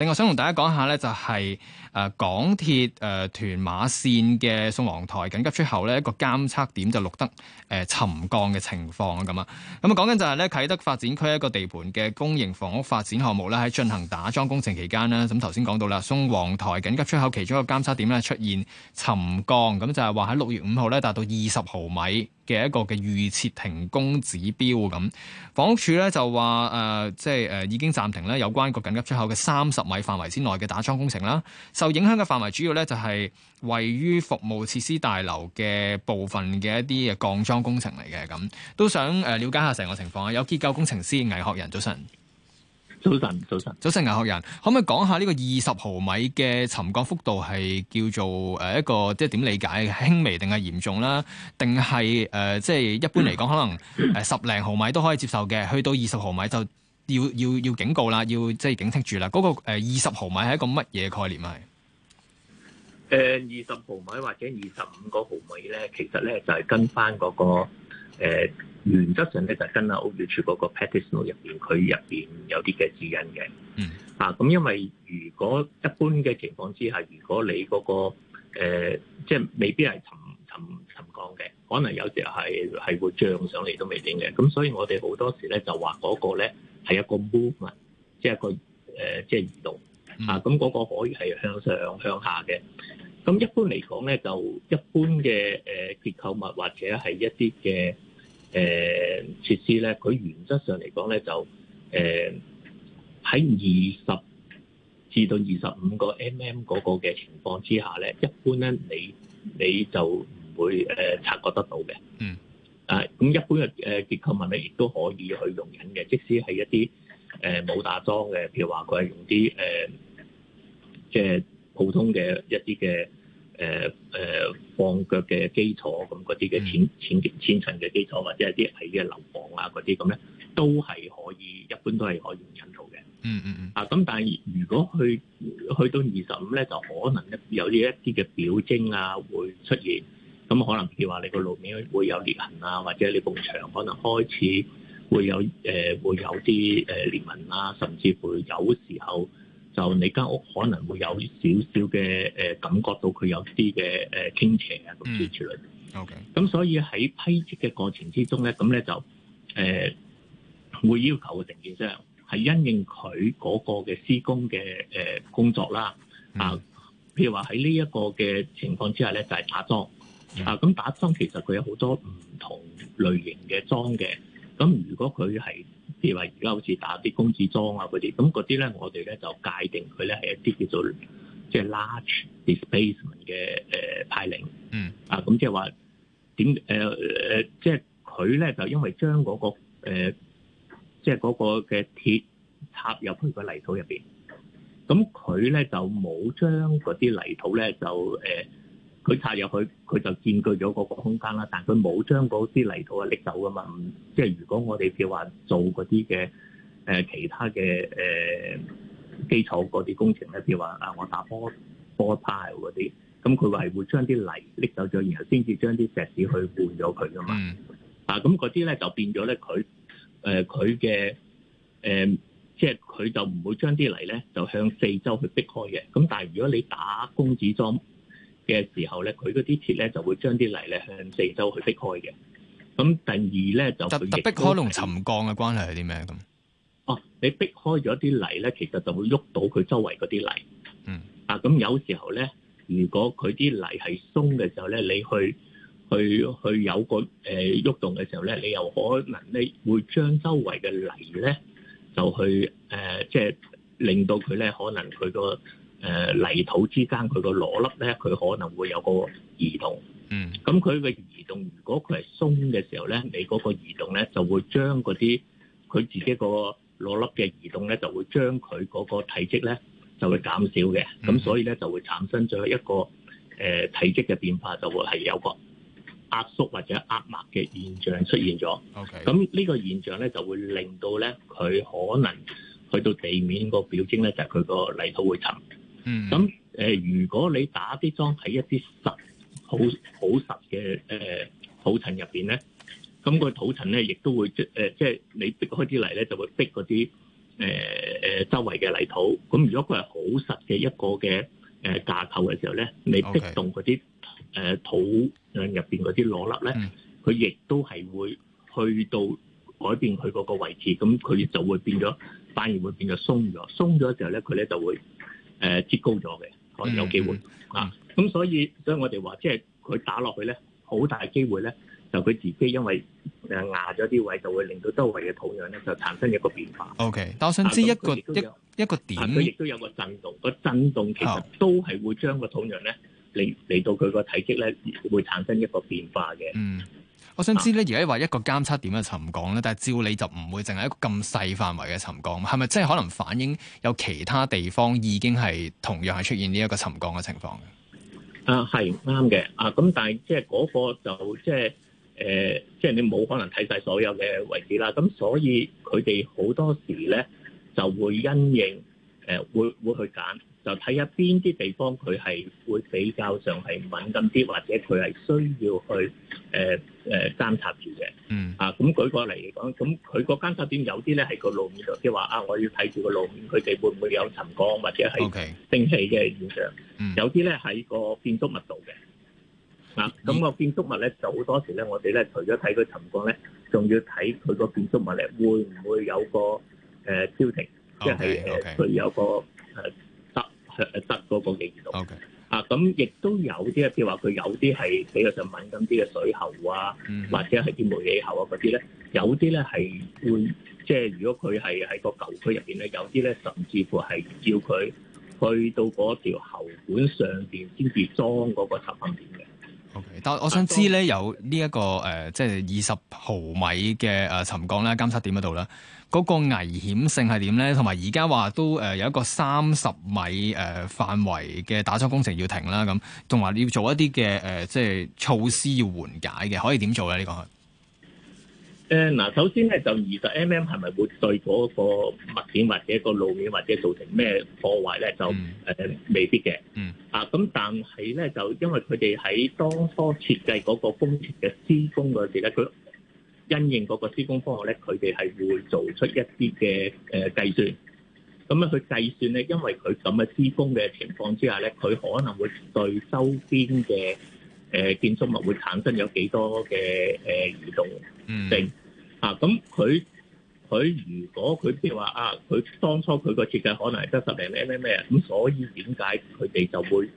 另外想同大家講下咧、就是，就係誒港鐵誒屯馬綫嘅宋皇臺緊急出口咧一個監測點就錄得誒、呃、沉降嘅情況咁啊，咁啊講緊就係咧啟德發展區一個地盤嘅公營房屋發展項目咧喺進行打樁工程期間呢，咁頭先講到啦，宋皇臺緊急出口其中一個監測點咧出現沉降，咁就係話喺六月五號咧達到二十毫米，嘅一個嘅預設停工指標。咁，房屋署咧就話誒，即係誒已經暫停咧有關個緊急出口嘅三十米範圍之內嘅打樁工程啦。受影響嘅範圍主要咧就係位於服務設施大樓嘅部分嘅一啲嘅鋼樁工程嚟嘅。咁，都想誒了解一下成個情況啊。有結構工程師倪學仁，早晨。早晨，早晨，早晨，倪學仁，可唔可以講下呢個二十毫米嘅沉降幅度係叫做誒一個即係點理解輕微定係嚴重啦？定係誒即係一般嚟講可能誒十零毫米都可以接受嘅，去到二十毫米就要要要警告啦，要即係警惕住啦。嗰個誒二十毫米係一個乜嘢概念啊？誒，二十毫米或者二十五個毫米咧，其實咧就係跟翻嗰個。誒、呃、原則上咧就係跟啊歐美出嗰個 petition 入面，佢入面有啲嘅指引嘅。嗯。Mm. 啊，咁因為如果一般嘅情況之下，如果你嗰、那個即係、呃就是、未必係沉沉沉降嘅，可能有時候係係會漲上嚟都未定嘅。咁所以我哋好多時咧就話嗰個咧係一個 movement 即係一個即係、呃就是、移動。啊，咁嗰個可以係向上向下嘅。咁一般嚟講咧，就一般嘅、呃、結構物或者係一啲嘅。誒、呃、設施咧，佢原則上嚟講咧，就誒喺二十至到二十五個 mm 嗰個嘅情況之下咧，一般咧你你就唔會誒、呃、察覺得到嘅。嗯。啊，咁一般嘅誒、呃、結構問題，亦都可以去容忍嘅，即使係一啲誒冇打樁嘅，譬如話佢係用啲誒、呃、即係普通嘅一啲嘅。誒誒、呃、放腳嘅基礎咁嗰啲嘅淺淺層、淺層嘅基礎或者係啲矮嘅樓房啊嗰啲咁咧，都係可以，一般都係可以用得到嘅。嗯嗯，嗯啊，咁但係如果去去到二十五咧，就可能有呢一啲嘅表徵啊，會出現。咁可能譬如話，你個路面會有裂痕啊，或者你埲牆可能開始會有誒、呃、會有啲誒裂痕啊，甚至乎有時候。就你間屋可能會有少少嘅誒、呃，感覺到佢有啲嘅誒傾斜啊，咁之類。O K. 咁所以喺批積嘅過程之中咧，咁咧就誒、呃、會要求嘅承建商係因應佢嗰個嘅施工嘅誒工作啦。啊、呃嗯呃，譬如話喺呢一個嘅情況之下咧，就係、是、打樁、嗯、啊。咁打樁其實佢有好多唔同類型嘅樁嘅。咁如果佢係譬如話而家好似打啲工字樁啊嗰啲，咁嗰啲咧我哋咧就界定佢咧係一啲叫做即係、就是、large displacement 嘅誒、呃、派零。嗯。啊，咁即係話點誒誒，即係佢咧就因為將嗰、那個、呃、即係嗰個嘅鐵插入去如個泥土入邊，咁佢咧就冇將嗰啲泥土咧就誒。呃佢插入去，佢就佔據咗嗰個空間啦。但佢冇將嗰啲泥土啊拎走噶嘛。嗯、即係如果我哋譬如話做嗰啲嘅誒其他嘅誒、呃、基礎嗰啲工程咧，譬如話啊，我打波波 pile 嗰啲，咁佢話係會將啲泥拎走咗，然後先至將啲石屎去換咗佢噶嘛。啊，咁嗰啲咧就變咗咧佢誒佢嘅誒，即係佢就唔會將啲泥咧就向四周去逼開嘅。咁但係如果你打工字樁嘅時候咧，佢嗰啲鐵咧就會將啲泥咧向四周去逼開嘅。咁第二咧就特特逼開同沉降嘅關係係啲咩咁？哦，你逼開咗啲泥咧，其實就會喐到佢周圍嗰啲泥。嗯。啊，咁有時候咧，如果佢啲泥係鬆嘅時候咧，你去去去有個誒喐動嘅時候咧，你又可能咧會將周圍嘅泥咧就去誒，即係令到佢咧可能佢個。誒、呃、泥土之間，佢個螺粒呢，佢可能會有個移動。嗯，咁佢嘅移動，如果佢係鬆嘅時候呢，你嗰個移動呢，就會將嗰啲佢自己個螺粒嘅移動呢，就會將佢嗰個體積呢，就會減少嘅。咁、嗯、所以呢，就會產生咗一個、呃、體積嘅變化，就會係有個壓縮或者壓密嘅現象出現咗。o Okay .呢個現象呢，就會令到咧佢可能去到地面個表徵呢，就係佢個泥土會沉。咁誒、嗯呃，如果你打啲樁喺一啲實、好好實嘅誒、呃、土層入邊咧，咁、那個土層咧亦都會即誒、呃，即係你逼開啲泥咧，就會逼嗰啲誒誒周圍嘅泥土。咁如果佢係好實嘅一個嘅誒、呃、架構嘅時候咧，你逼動嗰啲誒土層入邊嗰啲裸粒咧，佢亦、嗯、都係會去到改變佢嗰個位置，咁佢就會變咗，反而會變咗鬆咗。鬆咗嘅時候咧，佢咧就會。誒，擠、嗯嗯、高咗嘅，可能有機會啊！咁、嗯嗯、所以，所以我哋話，即係佢打落去咧，好大機會咧，就佢自己因為壓咗啲位，就會令到周圍嘅土壤咧，就產生一個變化。O、okay, K.，但我想知一個一、啊、一個點，佢亦、啊、都有個震動，個震動其實都係會將個土壤咧嚟嚟到佢個體積咧，會產生一個變化嘅。嗯。我想知咧，而家話一個監測點嘅沉降咧，但係照理就唔會淨係一個咁細範圍嘅沉降，係咪即係可能反映有其他地方已經係同樣係出現呢一個沉降嘅情況，啊？啊，係啱嘅啊，咁但係即係嗰個就即係誒，即係你冇可能睇晒所有嘅位置啦，咁所以佢哋好多時咧就會因應。誒會會去揀，就睇下邊啲地方佢係會比較上係敏感啲，或者佢係需要去誒誒監察住嘅。嗯。啊，咁舉個例嚟講，咁佢個監察點有啲咧喺個路面度，即係話啊，我要睇住個路面，佢哋會唔會有沉降或者係升起嘅現象？嗯。有啲咧喺個建築物度嘅。嗱，咁個建築物咧就好多時咧，我哋咧除咗睇佢沉降咧，仲要睇佢個建築物咧會唔會有個誒漂浮？Okay, okay, 即係佢有一個誒得誒 okay, 得嗰個移動 okay, 啊！咁亦都有啲，譬如話佢有啲係比較上敏感啲嘅水喉啊，嗯、哼或者係啲煤氣喉啊嗰啲咧，有啲咧係會即係如果佢係喺個舊區入邊咧，有啲咧甚至乎係要佢去到嗰條喉管上邊先至裝嗰個沉降點嘅。Okay, 但我想知咧，啊、有呢、這、一個誒，即係二十毫米嘅誒沉降咧監測點嗰度咧。嗰個危險性係點咧？同埋而家話都誒有一個三十米誒範圍嘅打樁工程要停啦，咁同埋你要做一啲嘅誒即係措施要緩解嘅，可以點做咧？呢個誒嗱，嗯、首先咧就二十 mm 係咪會對嗰個物件或者個路面或者造成咩破壞咧？就誒、呃、未必嘅。嗯啊，咁但係咧就因為佢哋喺當初設計嗰個工程嘅施工嗰時咧，佢因應嗰個施工方案咧，佢哋係會做出一啲嘅誒計算，咁咧去計算咧，因為佢咁嘅施工嘅情況之下咧，佢可能會對周邊嘅誒建築物會產生有幾多嘅誒移動性啊。咁佢佢如果佢譬如話啊，佢當初佢個設計可能係得十零 mm 咩咩啊，咁所以點解佢哋就會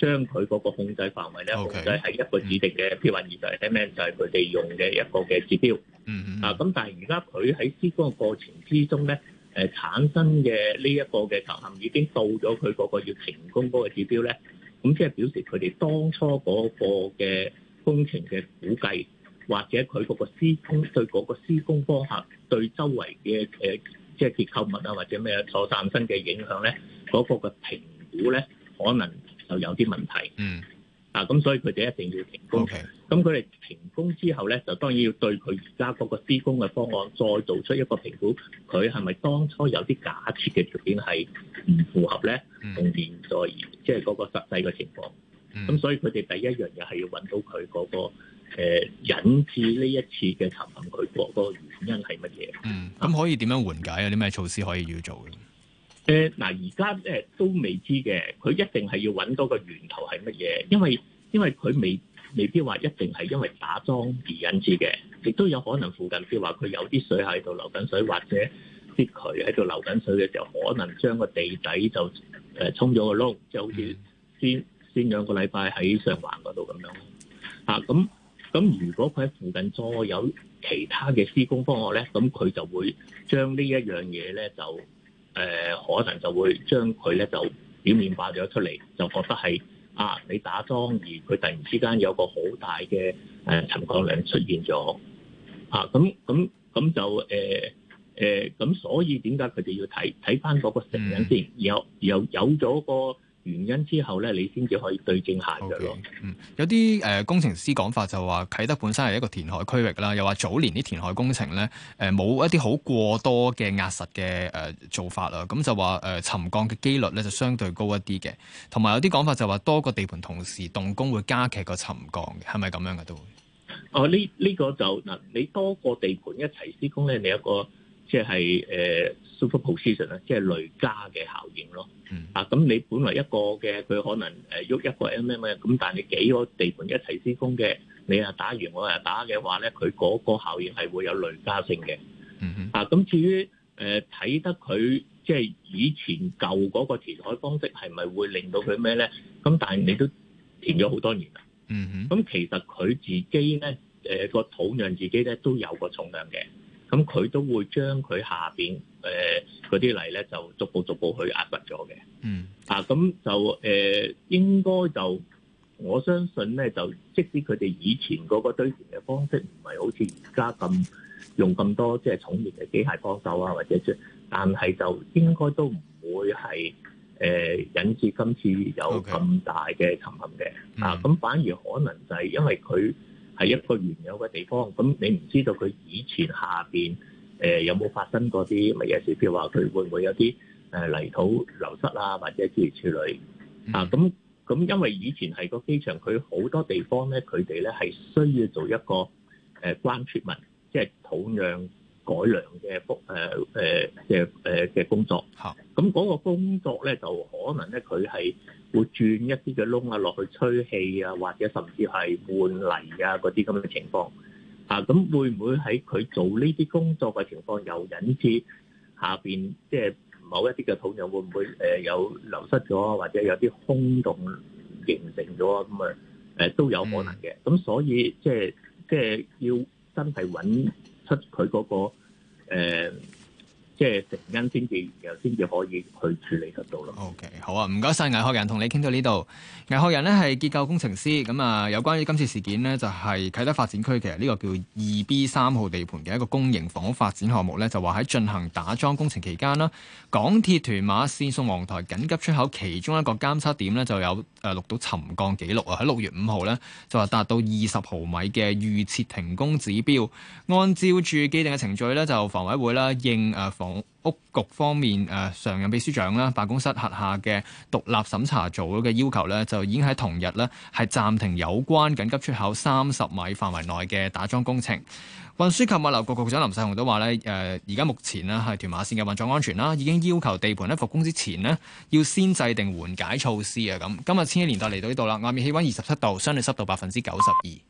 將佢嗰個控制範圍咧，控制係一個指定嘅標準，而就係 M N 就係佢哋用嘅一個嘅指標。嗯嗯。啊，咁但係而家佢喺施工嘅過程之中咧，誒產生嘅呢一個嘅缺陷已經到咗佢嗰個要停工嗰個指標咧，咁即係表示佢哋當初嗰個嘅工程嘅估計，或者佢嗰個施工對嗰個施工方向對周圍嘅誒即係結構物啊或者咩啊所產生嘅影響咧，嗰個嘅評估咧可能。就有啲問題，嗯，啊，咁所以佢哋一定要停工。咁佢哋停工之後咧，就當然要對佢而家嗰個施工嘅方案再做出一個評估，佢係咪當初有啲假設嘅條件係唔符合咧，同現在即係嗰個實際嘅情況。咁、嗯、所以佢哋第一樣嘢係要揾到佢嗰、嗰個、呃、引致呢一次嘅沉陷佢過嗰個原因係乜嘢？咁、嗯、可以點樣緩解？有啲咩措施可以要做嘅？誒，嗱，而家咧都未知嘅，佢一定係要揾個源頭係乜嘢？因為因為佢未未必話一定係因為打樁而引致嘅，亦都有可能附近譬如話佢有啲水喺度流緊水，或者啲渠喺度流緊水嘅時候，可能將個地底就誒沖咗個窿，就好似先先兩個禮拜喺上環嗰度咁樣。啊，咁咁如果佢喺附近再有其他嘅施工方案咧，咁佢就會將呢一樣嘢咧就。誒、呃、可能就會將佢咧就表面化咗出嚟，就覺得係啊，你打樁而佢突然之間有個好大嘅誒、呃、沉降量出現咗啊！咁咁咁就誒誒，咁、啊啊啊啊啊啊、所以點解佢哋要睇睇翻嗰個成因先？嗯、有又有咗個。原因之後咧，你先至可以對症下藥咯。Okay, 嗯，有啲誒、呃、工程師講法就話，啟德本身係一個填海區域啦，又話早年啲填海工程咧，誒、呃、冇一啲好過多嘅壓實嘅誒、呃、做法啦，咁就話誒、呃、沉降嘅幾率咧就相對高一啲嘅。同埋有啲講法就話多個地盤同時動工會加劇個沉降，嘅，係咪咁樣嘅都？哦，呢呢、這個就嗱，你多個地盤一齊施工咧，你一個。即係誒、呃、superposition 即係累加嘅效應咯。Mm hmm. 啊，咁你本嚟一個嘅佢可能誒喐、呃、一個 M、MM, M 咧，咁但係你幾個地盤一齊施工嘅，你啊打完我啊打嘅話咧，佢嗰個效應係會有累加性嘅。Mm hmm. 啊，咁至於誒睇、呃、得佢即係以前舊嗰個填海方式係咪會令到佢咩咧？咁但係你都填咗好多年啦。嗯哼、mm，咁、hmm. 啊、其實佢自己咧誒個土壤自己咧都有個重量嘅。咁佢都會將佢下面誒嗰啲泥咧，就逐步逐步去壓迫咗嘅。嗯。啊，咁就誒、呃、應該就我相信咧，就即使佢哋以前嗰個堆填嘅方式唔係好似而家咁用咁多即係重型嘅機械幫手啊，或者説，但係就應該都唔會係誒、呃、引致今次有咁大嘅沉陷嘅。okay. 啊，咁、嗯啊、反而可能就係因為佢。係一個原有嘅地方，咁你唔知道佢以前下邊誒有冇發生過啲乜嘢事，譬如話佢會唔會有啲誒泥土流失啊，或者諸如此類啊？咁咁因為以前係個機場，佢好多地方咧，佢哋咧係需要做一個誒關切物，即係土壤改良嘅服誒誒嘅誒嘅工作。嚇！咁嗰個工作咧就可能咧佢係。會轉一啲嘅窿啊落去吹氣啊，或者甚至係換泥啊，嗰啲咁嘅情況啊，咁會唔會喺佢做呢啲工作嘅情況，又引致下邊即係某一啲嘅土壤會唔會誒有流失咗啊，或者有啲空洞形成咗啊，咁啊誒都有可能嘅，咁所以即係即係要真係揾出佢嗰個誒。即係成因先至，然後先至可以去處理得到咯。O、okay, K，好啊，唔該晒。倪學仁同你傾到呢度。倪學仁呢係結構工程師，咁啊，有關於今次事件呢，就係、是、啟德發展區其實呢個叫二 B 三號地盤嘅一個公營房屋發展項目呢，就話喺進行打樁工程期間啦，港鐵屯馬線宋皇臺緊急出口其中一個監測點呢，就有誒錄到沉降記錄啊，喺六月五號呢，就話達到二十毫米嘅預設停工指標，按照住既定嘅程序呢，就房委會啦應誒、呃、房屋局方面，誒、呃、常任秘書長啦，辦公室轄下嘅獨立審查組嘅要求呢，就已經喺同日呢，係暫停有關緊急出口三十米範圍內嘅打樁工程。運輸及物流局局長林世雄都話呢，誒而家目前呢，係屯馬線嘅運作安全啦，已經要求地盤喺復工之前呢，要先制定緩解措施啊。咁今日千禧年代嚟到呢度啦，外面氣温二十七度，相對濕度百分之九十二。